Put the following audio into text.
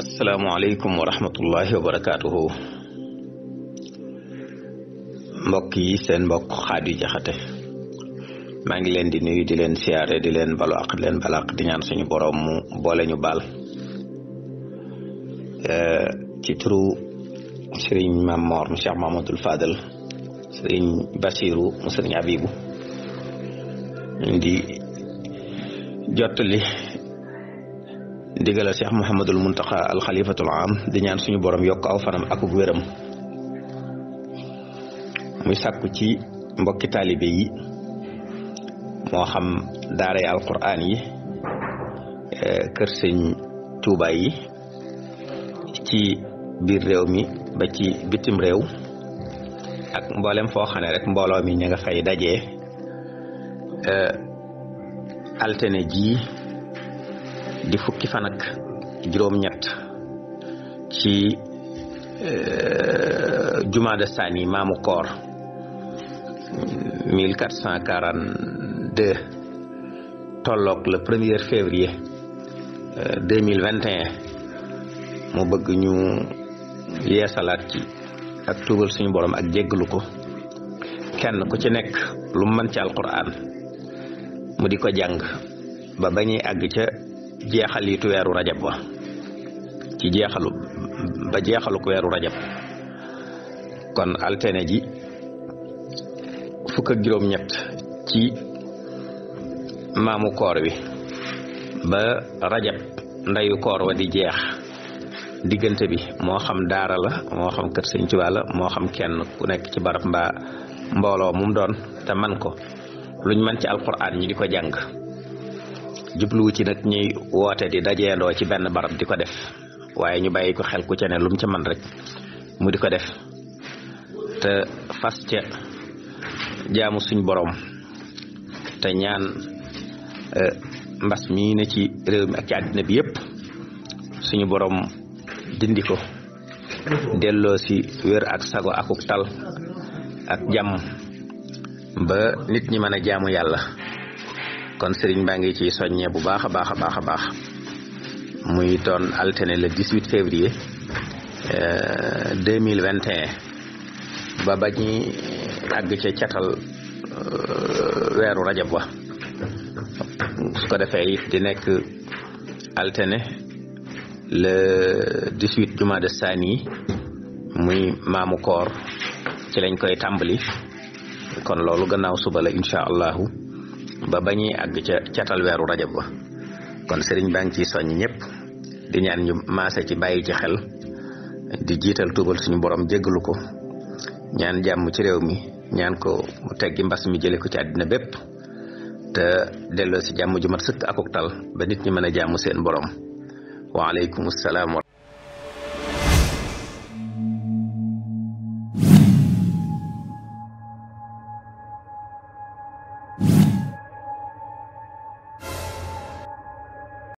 asalaamualeykum wa rahmatullahi wa barakaatuhu mbokk yi seen mbokk Xaadi Jaxate maa ngi leen di nuyu di leen siyaare di leen balu di leen balaq di ñaan suñu boroom mu boole ñu baal eh, ci turu sëriñ Mam mu Cheikh Mamadul Fadal sëriñ Basiru mu sëriñ Abibu di jottali ndigalal cheikh Mouhamadul Muntaqa al xalifatul am di ñaan suñu borom yokk aw fanam ak wéram muy sakku ci mbokki taalibe yi moo xam daaray alquraan yi eh, kër sëñ Tuuba yi ci biir réew mi ba ci bitim réew ak mboolem foo xam ne rek mbooloo mi ña nga fay dajee eh, altine ji di fukki fan ak juróom-ñett ci euh, jumaada saani maamu koor 1442 tolloog le premier février 2021 euh, mu bëgg ñu yeesalaat ci ak tuubal suñu borom ak jéggalu ko kenn ku ci nekk lu mën ci alquran mu di ko jàng ba bañuy àgg ca jeexalitu weeru rajab wa ci jeexalu ba jeexalu ko weeru rajab kon altene ji fukk ak ñett ci maamu koor wi ba rajab ndeyu koor wa di jeex diggante bi moo xam daara la moo xam kër sëñ Tuubaa la moo xam kenn ku nekk ci barab mbaa mbooloo mum doon te man ko luñ man ci alquran ñi di ko jàng jubluwu ci nag ñuy woote di dajeendoo ci benn barab di ko def waaye ñu bàyyi ko xel ku ca ne lu mu ca man rek mu di ko def te fas ca jaamu suñ boroom te ñaan e, mbas mii ne ci réew mi ak ci àddina bi yépp suñu boroom dindi ko delloo si wér ak sago akuk tal ak jàmm ba nit ñi mën a jaamu yàlla kon sëriñ baa ngi ci soññee bu baax a baax a baax a baax muy ton altine le 18 février 2021 euh, ba ba ñi àgg ca catal euh, weeru rajab wa su ko defee it di nekk altine le 18 juma de saani muy maamu koor ci lañ koy tàmbali kon loolu gannaaw suba la incha allahu ba ba ñuy àgg ca catal weeru rajab ba kon sëriñ baa ngi ciy soññ ñëpp di ñaan ñu maase ci bàyyi ci xel di jiital tuubal suñu borom jéggalu ko ñaan jàmm ci réew mi ñaan ko mu teggi mbas mi jële ko ci àddina bépp te delloo si jàmm ju mat sëkk akuk ba nit ñi mën a jàmm seen borom waaleykum salaam